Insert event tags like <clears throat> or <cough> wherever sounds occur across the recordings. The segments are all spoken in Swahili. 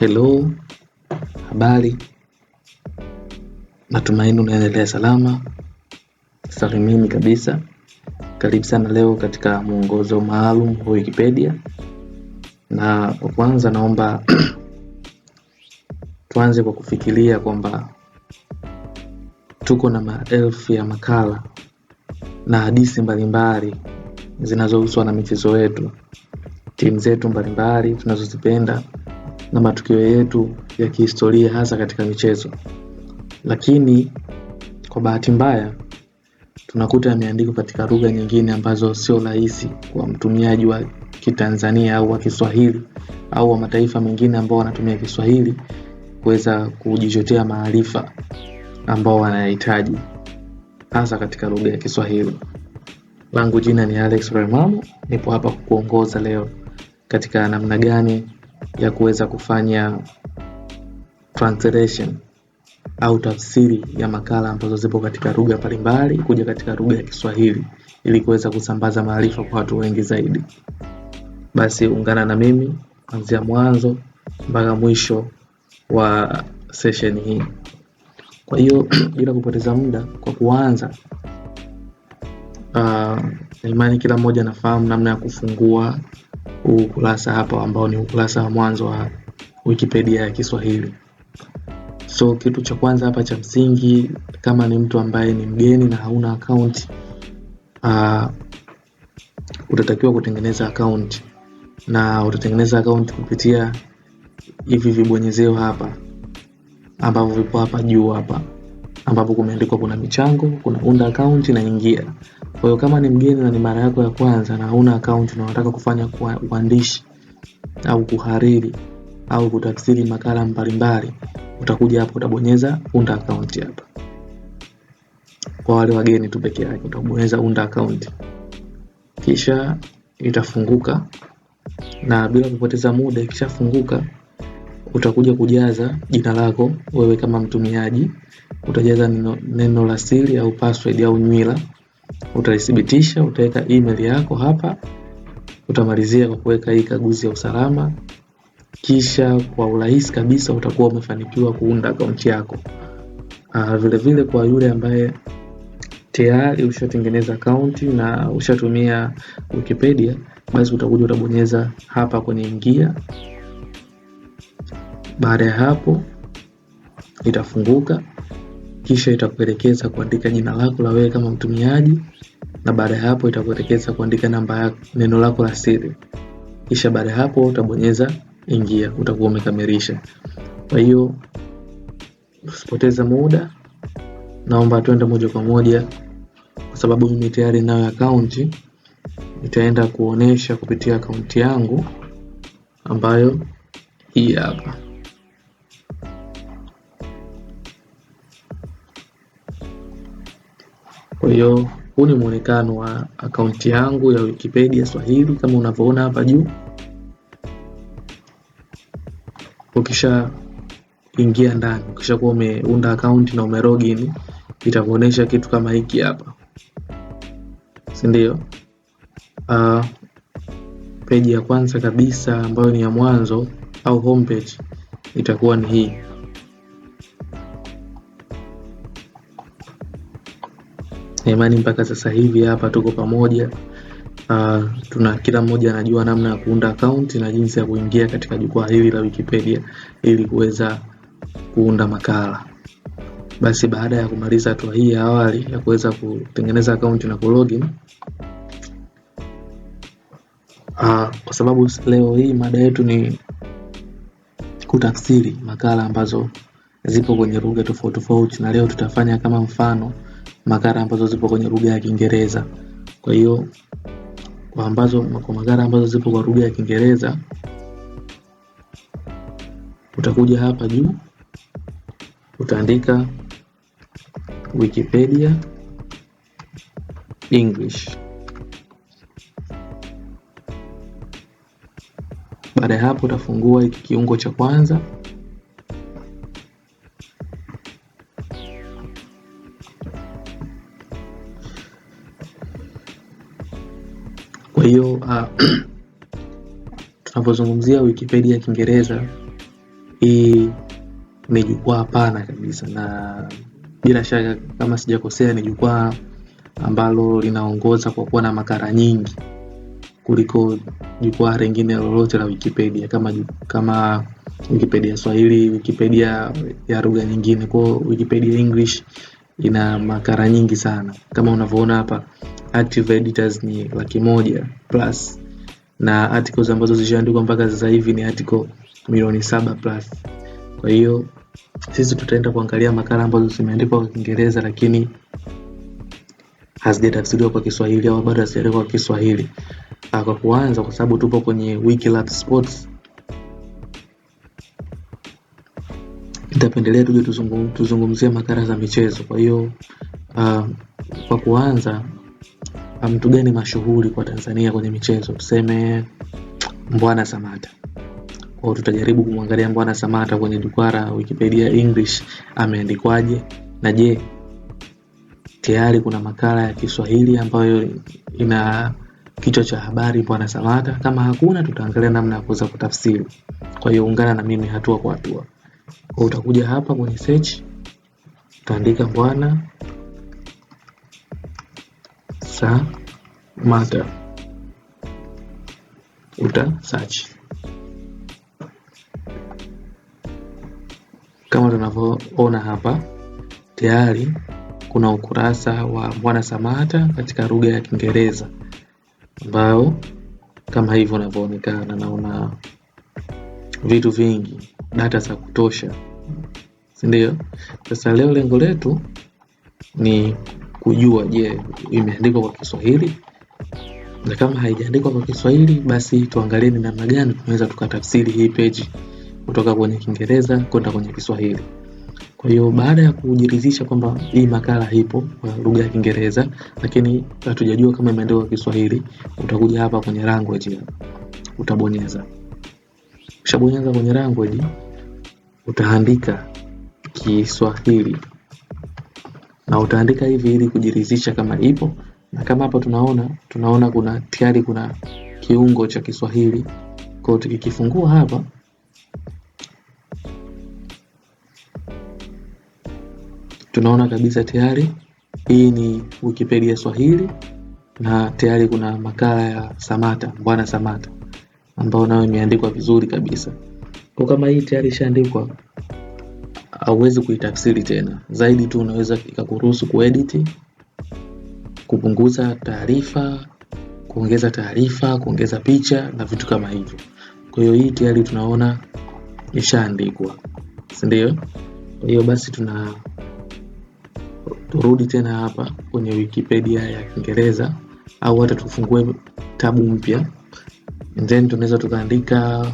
Hello, habari, natumaini unaendelea salama salimini kabisa. Karibu sana leo katika mwongozo maalum wa Wikipedia, na kwa kwanza naomba <clears throat> tuanze kwa kufikiria kwamba tuko na maelfu ya makala na hadithi mbalimbali zinazohuswa na michezo yetu, timu zetu mbalimbali tunazozipenda na matukio yetu ya kihistoria hasa katika michezo, lakini kwa bahati mbaya tunakuta yameandikwa katika lugha nyingine ambazo sio rahisi kwa mtumiaji wa Kitanzania au wa Kiswahili au wa mataifa mengine ambao wanatumia Kiswahili kuweza kujichotea maarifa ambao wanayahitaji hasa katika lugha ya Kiswahili. Langu jina ni Alex Remamo, nipo hapa kukuongoza leo katika namna gani ya kuweza kufanya translation au tafsiri ya makala ambazo zipo katika lugha mbalimbali kuja katika lugha ya Kiswahili ili kuweza kusambaza maarifa kwa watu wengi zaidi. Basi ungana na mimi kuanzia mwanzo mpaka mwisho wa session hii. Kwa hiyo <clears throat> bila kupoteza muda, kwa kuanza, uh, naimani kila mmoja anafahamu namna ya kufungua huu ukurasa hapa ambao ni ukurasa wa mwanzo wa Wikipedia ya Kiswahili. So kitu cha kwanza hapa cha msingi, kama ni mtu ambaye ni mgeni na hauna account uh, utatakiwa kutengeneza account na utatengeneza account kupitia hivi vibonyezeo hapa ambavyo vipo hapa juu hapa ambapo kumeandikwa kuna michango, kuna unda akaunti na ingia. Kwa hiyo kama ni mgeni na ni mara yako ya kwanza na una akaunti na unataka kufanya uandishi au kuhariri au kutafsiri makala mbalimbali, utakuja hapo utabonyeza unda akaunti hapa. Kwa wale wageni tu peke yake utabonyeza unda akaunti, kisha itafunguka na bila kupoteza muda, ikishafunguka utakuja kujaza jina lako wewe kama mtumiaji, utajaza neno, neno la siri au password au nywila, utaithibitisha, utaweka email yako hapa, utamalizia kwa kuweka hii kaguzi ya usalama, kisha kwa urahisi kabisa utakuwa umefanikiwa kuunda akaunti yako. Uh, vile vile kwa yule ambaye tayari ushatengeneza akaunti na ushatumia Wikipedia, basi utakuja utabonyeza hapa kwenye ingia baada ya hapo itafunguka, kisha itakuelekeza kuandika jina lako la wewe kama mtumiaji, na baada ya hapo itakuelekeza kuandika namba ya neno lako la siri, kisha baada ya hapo utabonyeza ingia, utakuwa umekamilisha. Kwa hiyo usipoteze muda, naomba tuende moja kwa moja, kwa sababu mimi tayari nayo akaunti. Nitaenda kuonesha kupitia akaunti yangu ambayo hii hapa. Kwa hiyo huu ni muonekano wa akaunti yangu ya Wikipedia Swahili kama unavyoona hapa juu. Ukisha ingia ndani, ukishakuwa umeunda akaunti na ume itakuonyesha itakuonesha kitu kama hiki hapa, si ndio? Uh, peji ya kwanza kabisa ambayo ni ya mwanzo au homepage itakuwa ni hii. na imani mpaka sasa hivi hapa tuko pamoja. Uh, tuna kila mmoja anajua namna ya kuunda akaunti na jinsi ya kuingia katika jukwaa hili la Wikipedia ili kuweza kuunda makala. Basi baada ya kumaliza hatua hii ya awali ya kuweza kutengeneza akaunti na kulogin, uh, kwa sababu leo hii mada yetu ni kutafsiri makala ambazo zipo kwenye lugha tofauti tofauti, na leo tutafanya kama mfano makala ambazo zipo kwenye lugha ya Kiingereza. Kwa hiyo kwa ambazo kwa makala ambazo zipo kwa lugha ya Kiingereza utakuja hapa juu utaandika Wikipedia English. Baada ya hapo utafungua hiki kiungo cha kwanza hiyo uh, <clears throat> Wikipedia ya Kiingereza, hii ni jukwaa pana kabisa, na bila shaka kama sijakosea, ni jukwaa ambalo linaongoza kwa kuwa na makara nyingi kuliko jukwaa lingine lolote la Wikipedia kama, kama Wikipedia Swahili, Wikipedia ya lugha nyingine, kwao Wikipedia English ina makara nyingi sana kama unavyoona hapa active editors ni laki moja plus na articles ambazo zishaandikwa mpaka sasa hivi ni article milioni saba plus. Kwa hiyo sisi tutaenda kuangalia makala ambazo zimeandikwa kwa Kiingereza lakini hazijatafsiriwa kwa Kiswahili au bado hazijaandikwa kwa Kiswahili. Ah, kwa kuanza, kwa sababu tupo kwenye Wikilab Sports nitapendelea tuje tuzungumzie makara za michezo. Kwa hiyo uh, kwa kuanza um, mtu gani mashuhuri kwa Tanzania kwenye michezo? Tuseme Mbwana Samata. Kwa tutajaribu kumwangalia Mbwana Samata kwenye jukwaa la Wikipedia English ameandikwaje, na je, tayari kuna makala ya Kiswahili ambayo ina kichwa cha habari Mbwana Samata? Kama hakuna, tutaangalia namna ya kuweza kutafsiri. Kwa hiyo ungana na mimi hatua kwa hatua. Kwa utakuja hapa kwenye search utaandika Bwana Samata, uta search kama tunavyoona hapa, tayari kuna ukurasa wa Bwana Samata katika lugha ya Kiingereza ambao kama hivyo unavyoonekana, naona vitu vingi, data za kutosha, si ndio? Sasa leo lengo letu ni kujua, je, imeandikwa kwa Kiswahili na kama haijaandikwa kwa Kiswahili basi tuangalie ni namna gani tunaweza tukatafsiri hii peji kutoka kwenye Kiingereza kwenda kwenye Kiswahili. Kwa hiyo baada ya kujiridhisha kwamba hii makala ipo kwa lugha ya Kiingereza lakini hatujajua kama imeandikwa kwa Kiswahili, utakuja hapa kwenye language, utabonyeza Ukishabonyeza kwenye language utaandika Kiswahili na utaandika hivi ili kujiridhisha kama ipo, na kama hapa tunaona tunaona kuna tayari kuna kiungo cha Kiswahili. Kwa hiyo tukikifungua hapa tunaona kabisa tayari hii ni Wikipedia Swahili na tayari kuna makala ya Samata, Mbwana Samata ambayo nayo imeandikwa vizuri kabisa. Kwa kama hii tayari ishaandikwa, hauwezi kuitafsiri tena zaidi tu, unaweza ikakuruhusu kuedit, kupunguza taarifa, kuongeza taarifa, kuongeza picha na vitu kama hivyo. Kwa hiyo hii tayari tunaona ishaandikwa, si ndio? Kwa hiyo basi tuna turudi tena hapa kwenye Wikipedia ya Kiingereza au hata tufungue tabu mpya then tunaweza tukaandika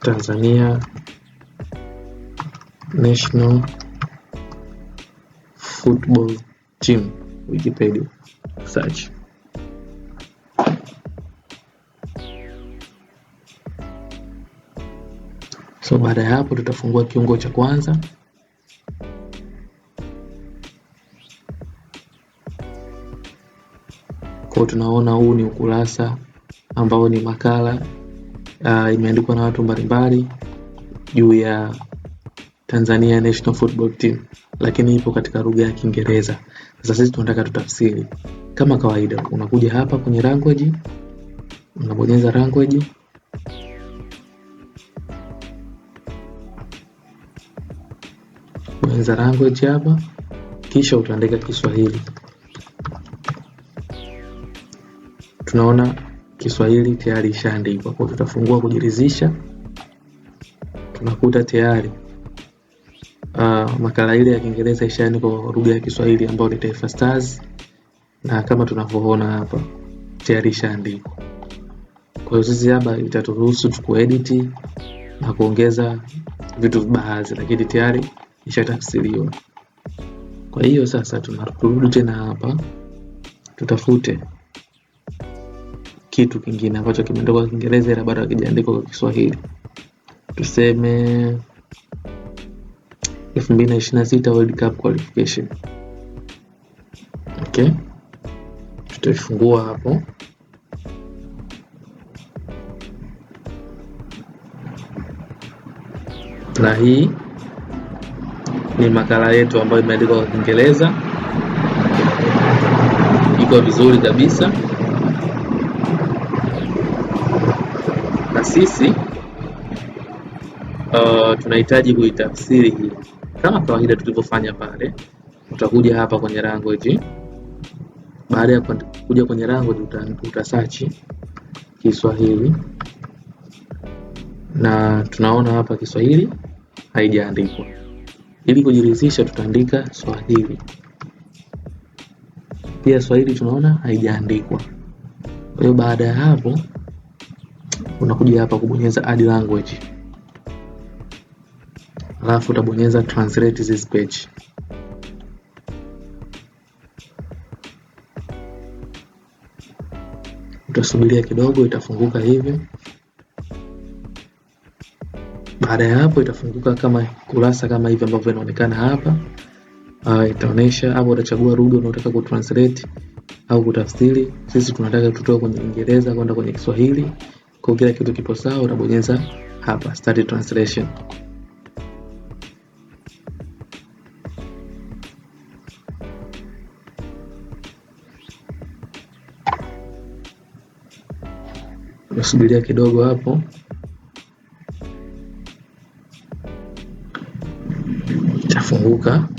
Tanzania National Football Team Wikipedia search. So baada ya hapo tutafungua kiungo cha kwanza Kwa tunaona huu ni ukurasa ambao ni makala uh, imeandikwa na watu mbalimbali juu ya Tanzania National Football Team, lakini ipo katika lugha ya Kiingereza. Sasa sisi tunataka tutafsiri. Kama kawaida, unakuja hapa kwenye language, unabonyeza language bonyeza language hapa, kisha utaandika Kiswahili. tunaona Kiswahili tayari ishaandikwa, kwa hiyo tutafungua kujiridhisha, tunakuta tayari uh, makala ile ya Kiingereza ishaandikwa kwa lugha ya Kiswahili ambayo ni Taifa Stars, na kama tunavyoona hapa tayari ishaandikwa. Kwa hiyo sisi hapa itaturuhusu tukuediti na kuongeza vitu baadhi, lakini tayari ishatafsiriwa. Kwa hiyo sasa tunarudi tena hapa tutafute kitu kingine ambacho kimeandikwa kwa Kiingereza ila bado hakijaandikwa kwa Kiswahili. Tuseme 2026 World Cup qualification. Okay, tutaifungua hapo na hii ni makala yetu ambayo imeandikwa kwa Kiingereza, iko vizuri kabisa. sisi uh, tunahitaji kuitafsiri hii. Kama kawaida tulivyofanya pale, utakuja hapa kwenye language. Baada ya kuja kwenye language, utasachi Kiswahili na tunaona hapa Kiswahili haijaandikwa. Ili kujiridhisha, tutaandika Swahili. Pia Swahili tunaona haijaandikwa. Kwa hiyo baada ya hapo unakuja hapa kubonyeza add language, alafu utabonyeza translate this page. Utasubiria kidogo, itafunguka hivi. Baada ya hapo, itafunguka kama kurasa kama hivi ambavyo inaonekana hapa. Uh, itaonesha hapo, utachagua lugha unaotaka kutranslate au kutafsiri. Sisi tunataka tutoe kwenye Kiingereza kwenda kwenye Kiswahili. Kwa kila kitu kipo sawa, unabonyeza hapa start translation. Unasubiria kidogo hapo itafunguka.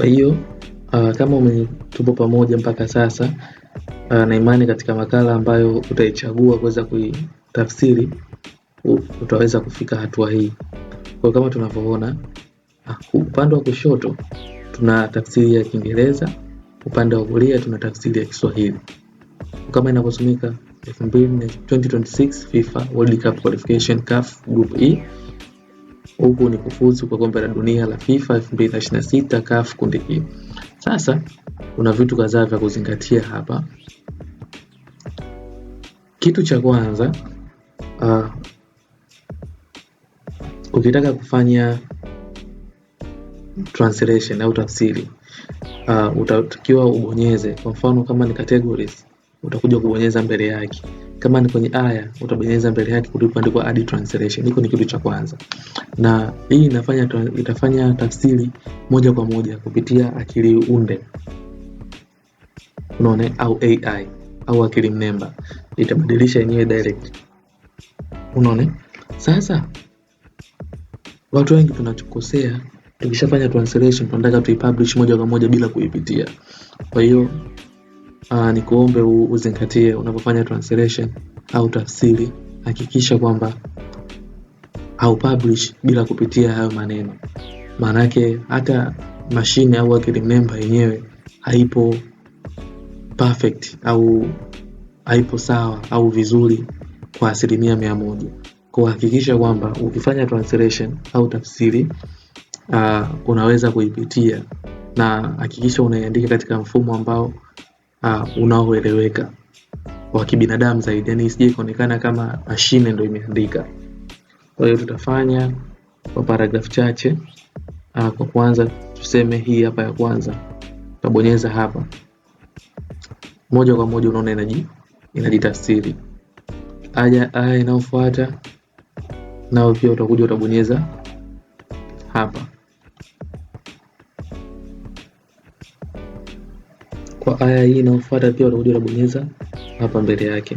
Kwa hiyo uh, kama umetupo pamoja mpaka sasa uh, na imani katika makala ambayo utaichagua kuweza kuitafsiri utaweza kufika hatua hii. Kwa kama tunavyoona uh, upande wa kushoto tuna tafsiri ya Kiingereza, upande wa kulia tuna tafsiri ya Kiswahili kama inavyosomeka 2026 FIFA World Cup Qualification CAF Group E huku ni kufuzu kwa kombe la dunia la FIFA 2026 CAF kundi hii. E. Sasa kuna vitu kadhaa vya kuzingatia hapa. Kitu cha kwanza uh, ukitaka kufanya translation au tafsiri uh, utatakiwa ubonyeze. Kwa mfano kama ni categories, utakuja kubonyeza mbele yake kama ni kwenye aya utabonyeza mbele yake kulipoandikwa add translation. Hiko ni kitu cha kwanza, na hii inafanya itafanya tafsiri moja kwa moja kupitia akili unde, unaona, au AI au akili mnemba, itabadilisha yenyewe direct, unaona. Sasa watu wengi tunachokosea, tukishafanya translation tunataka tuipublish moja kwa moja bila kuipitia, kwa hiyo uh, ni kuombe uzingatie unapofanya translation au tafsiri, hakikisha kwamba haupublish bila kupitia hayo maneno. Maana yake hata mashine au akili yenyewe haipo perfect au haipo sawa au vizuri kwa asilimia mia moja. Kwa hakikisha kwamba ukifanya translation au tafsiri uh, unaweza kuipitia na hakikisha unaiandika katika mfumo ambao uh, unaoeleweka wa kibinadamu zaidi, yani isije ikaonekana kama mashine ndo imeandika. Kwa hiyo tutafanya kwa paragrafu chache. Uh, kwa kwanza tuseme hii hapa ya kwanza, utabonyeza hapa, moja kwa moja unaona inaji inajitafsiri. Aya, aya inayofuata nao pia utakuja utabonyeza hapa. Kwa aya hii inayofuata pia utakuja unabonyeza hapa mbele yake.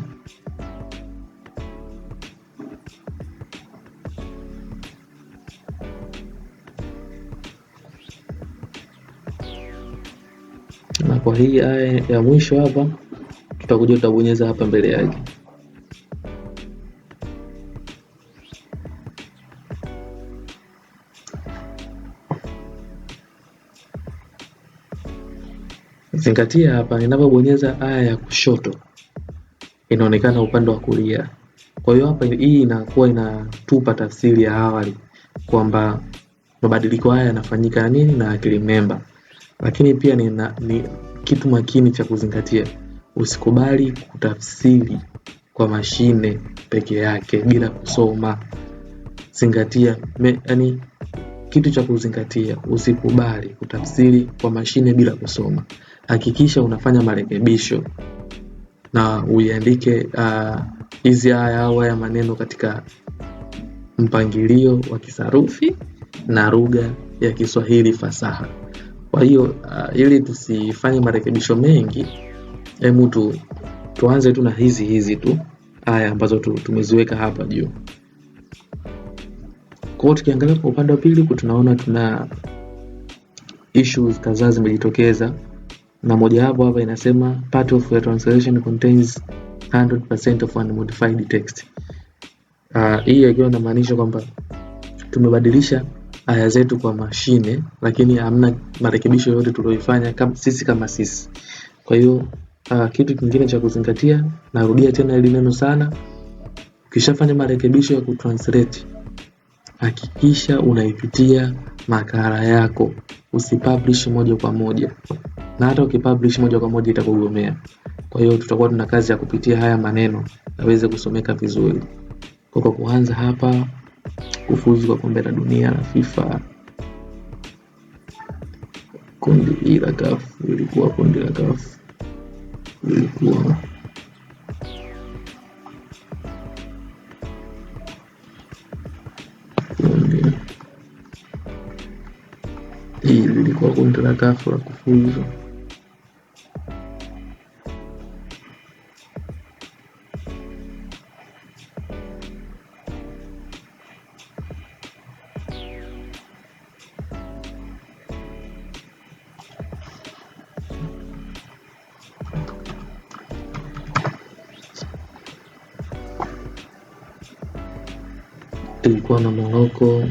Na kwa hii aya ya mwisho hapa tutakuja utabonyeza hapa mbele yake. Zingatia hapa ninapobonyeza aya ya kushoto inaonekana upande wa kulia. Kwa hiyo hapa hii inakuwa inatupa tafsiri ya awali kwamba mabadiliko haya yanafanyika na nini na akili mnemba. Lakini pia ni, na, ni kitu makini cha kuzingatia, usikubali kutafsiri kwa mashine peke yake bila kusoma. Zingatia me, yani, kitu cha kuzingatia, usikubali kutafsiri kwa mashine bila kusoma hakikisha unafanya marekebisho na uiandike uh, hizi uh, haya au haya maneno katika mpangilio wa kisarufi na lugha ya Kiswahili fasaha. Kwa hiyo uh, ili tusifanye marekebisho mengi, hebu tu tuanze tu na hizi hizi tu haya ambazo tu, tumeziweka hapa juu. Kwa hiyo tukiangalia kwa upande wa pili, tunaona tuna issues kadhaa zimejitokeza na mojawapo hapa inasema part of your translation contains 100% of unmodified text. Ah, hii uh, ikiwa inamaanisha kwamba tumebadilisha aya zetu kwa mashine, lakini hamna marekebisho yote tulioifanya kama sisi kama sisi. Kwa hiyo uh, kitu kingine cha kuzingatia, narudia tena hili neno sana, ukishafanya marekebisho ya kutranslate hakikisha unaipitia makala yako, usipublish moja kwa moja na hata ukipublish moja kwa moja itakugomea. Kwa hiyo tutakuwa tuna kazi ya kupitia haya maneno yaweze kusomeka vizuri. Kwa kwa kuanza hapa kufuzu kwa kombe la dunia la FIFA kundi hii e la CAF lilikuwa kundi la CAF lilikuwa kundi hii e, lilikuwa kundi la CAF la kufuzu tulikuwa na Morocco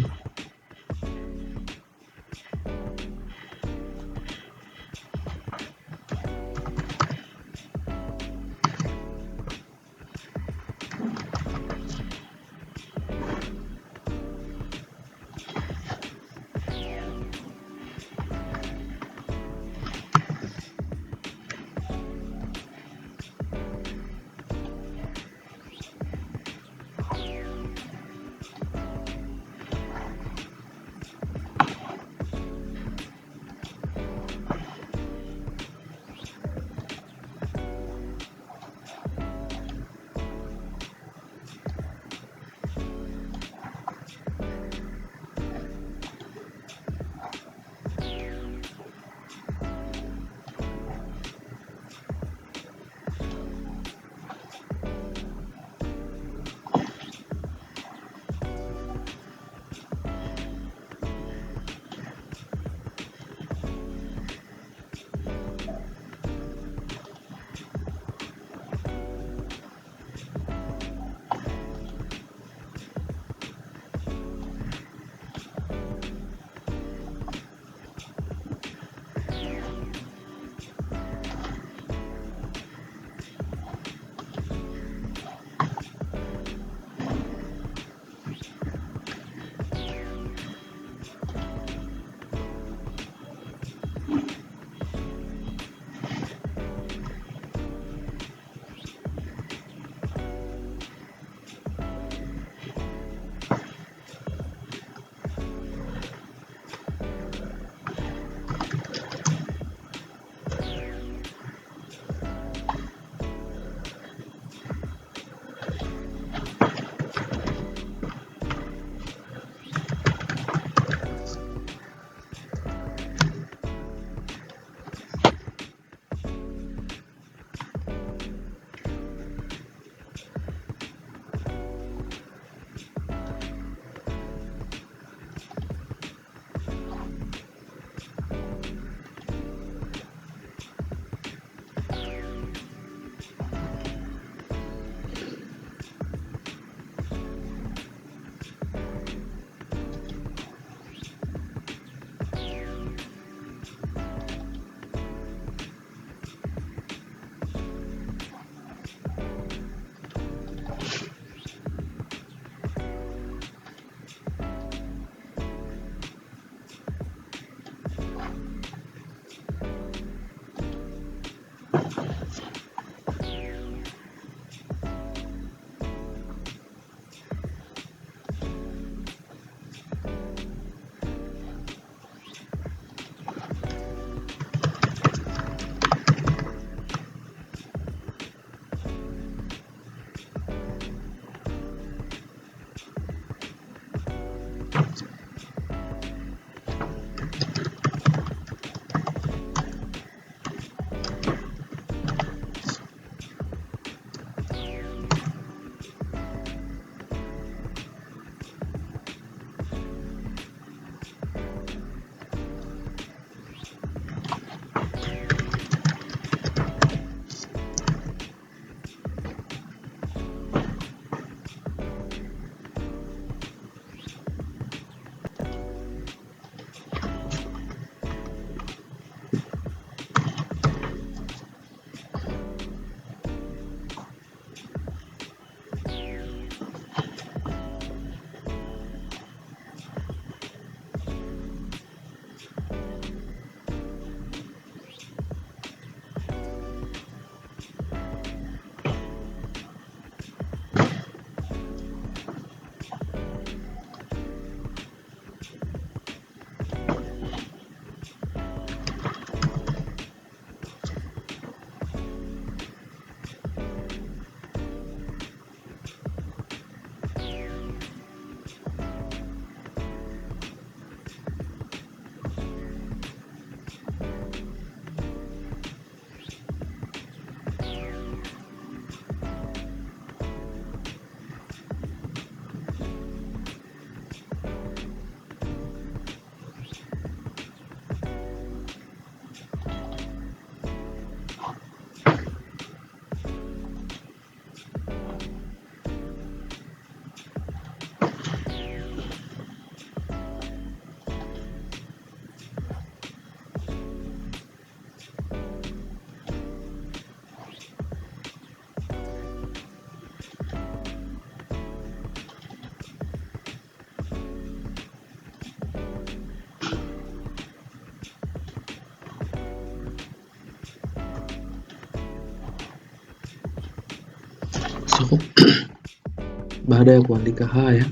<clears throat> Baada ya kuandika haya,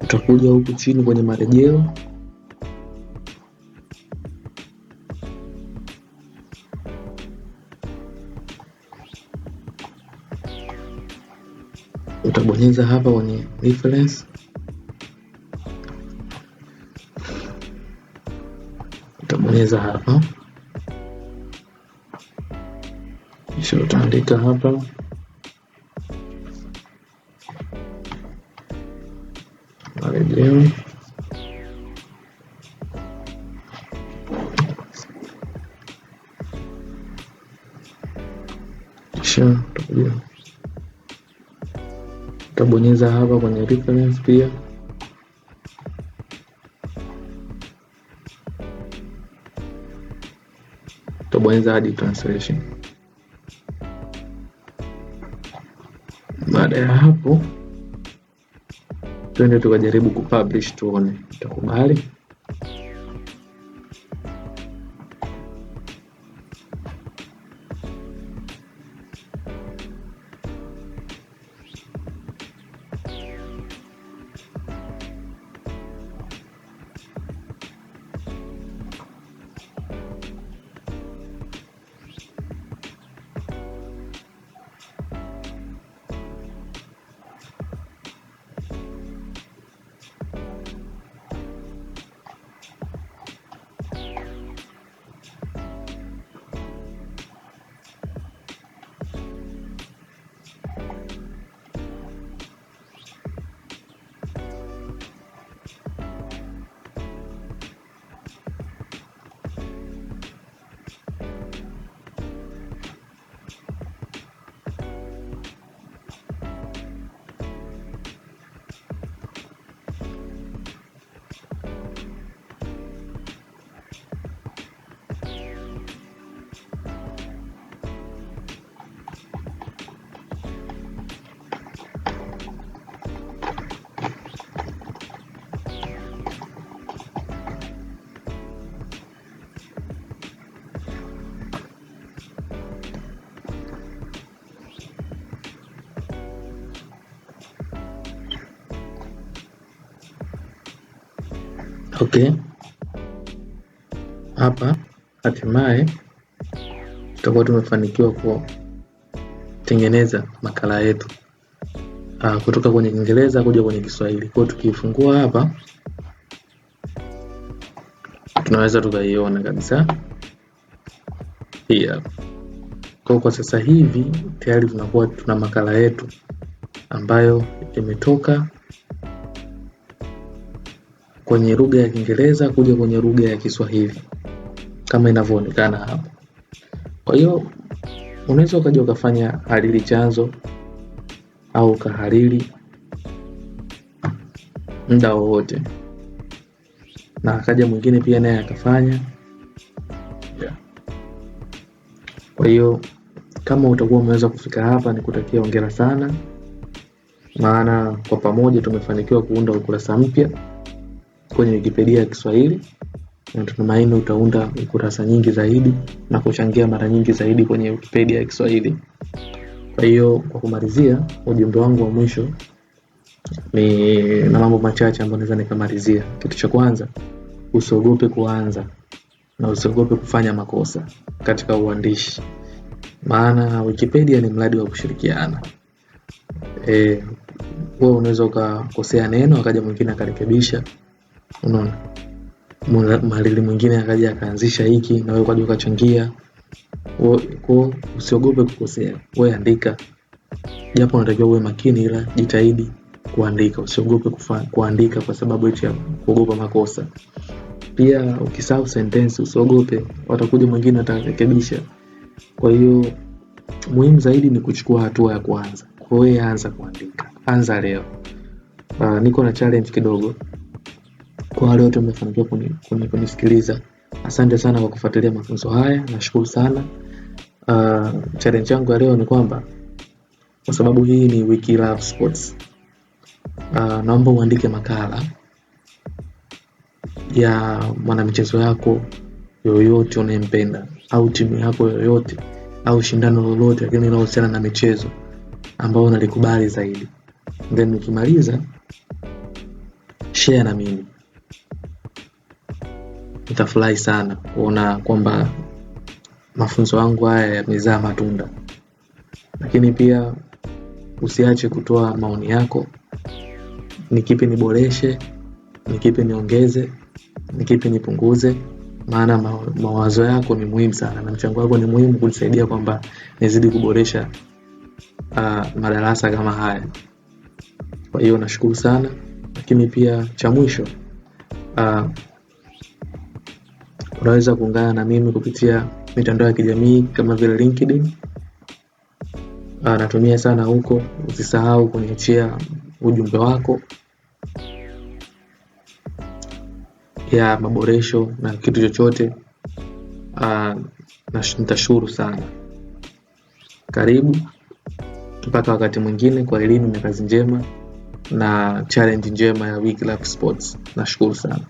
utakuja huku chini kwenye marejeo utabonyeza hapa kwenye reference utabonyeza hapa kisha utaandika hapa Afrika więc bije. Tobonyeza hadi translation. Baada ya hapo, tuende tukajaribu kupublish tuone, utakubali? Okay, hapa hatimaye tutakuwa tumefanikiwa kutengeneza makala yetu uh, kutoka kwenye Kiingereza kuja kwenye Kiswahili. Kwa tukiifungua hapa tunaweza tukaiona kabisa hii Kwa kwa sasa hivi tayari tunakuwa tuna makala yetu ambayo imetoka kwenye lugha ya Kiingereza kuja kwenye lugha ya Kiswahili kama inavyoonekana hapa. Kwa hiyo unaweza ukaja ukafanya hariri chanzo au kahariri muda wowote, na akaja mwingine pia naye akafanya. Kwa hiyo kama utakuwa umeweza kufika hapa, ni kutakia hongera sana, maana kwa pamoja tumefanikiwa kuunda ukurasa mpya kwenye Wikipedia ya Kiswahili na utaunda kurasa nyingi zaidi na kuchangia mara nyingi zaidi kwenye Wikipedia ya Kiswahili. Kwa hiyo kwa kumalizia, ujumbe wangu wa mwisho ni na mambo machache ambayo naweza nikamalizia. Kitu cha kwanza, usiogope kuanza na usiogope kufanya makosa katika uandishi, maana Wikipedia ni mradi wa kushirikiana. E, wewe unaweza ukakosea neno akaja mwingine akarekebisha unaona malili mwingine akaja akaanzisha hiki na wewe ukaja ukachangia. Kwa usiogope kukosea, wewe andika, japo unatakiwa uwe makini, ila jitahidi kuandika, usiogope kuandika kwa sababu eti ya kuogopa makosa. Pia ukisahau sentensi usiogope, watakuja mwingine atarekebisha. Kwa hiyo muhimu zaidi ni kuchukua hatua ya kwanza. Kwa hiyo anza kuandika, anza leo. Uh, niko na challenge kidogo kwa wale wote mmefanikiwa kunisikiliza. Asante sana kwa kufuatilia mafunzo haya, nashukuru sana. Uh, challenge yangu ya leo ni kwamba kwa sababu hii ni wiki Love Sports, uh, naomba uandike makala ya mwanamichezo yako yoyote unayempenda au timu yako yoyote au shindano lolote, lakini linalohusiana na michezo ambayo unalikubali zaidi, then ukimaliza share na mimi. Nitafurahi sana kuona kwamba mafunzo yangu haya yamezaa matunda, lakini pia usiache kutoa maoni yako. Ni kipi niboreshe, ni kipi niongeze, ni kipi nipunguze, maana mawazo yako ni muhimu sana na mchango wako ni muhimu kunisaidia kwamba nizidi kuboresha uh, madarasa kama haya. Kwa hiyo nashukuru sana, lakini pia cha mwisho uh, unaweza kuungana na mimi kupitia mitandao ya kijamii kama vile LinkedIn. Ah, natumia sana huko, usisahau kuniachia ujumbe wako ya maboresho na kitu chochote. Ah, nitashukuru sana. Karibu mpaka wakati mwingine, kwa elimu na kazi njema na challenge njema ya life Sports. Nashukuru sana.